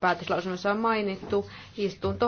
päätöslausunnossa on mainittu, istunto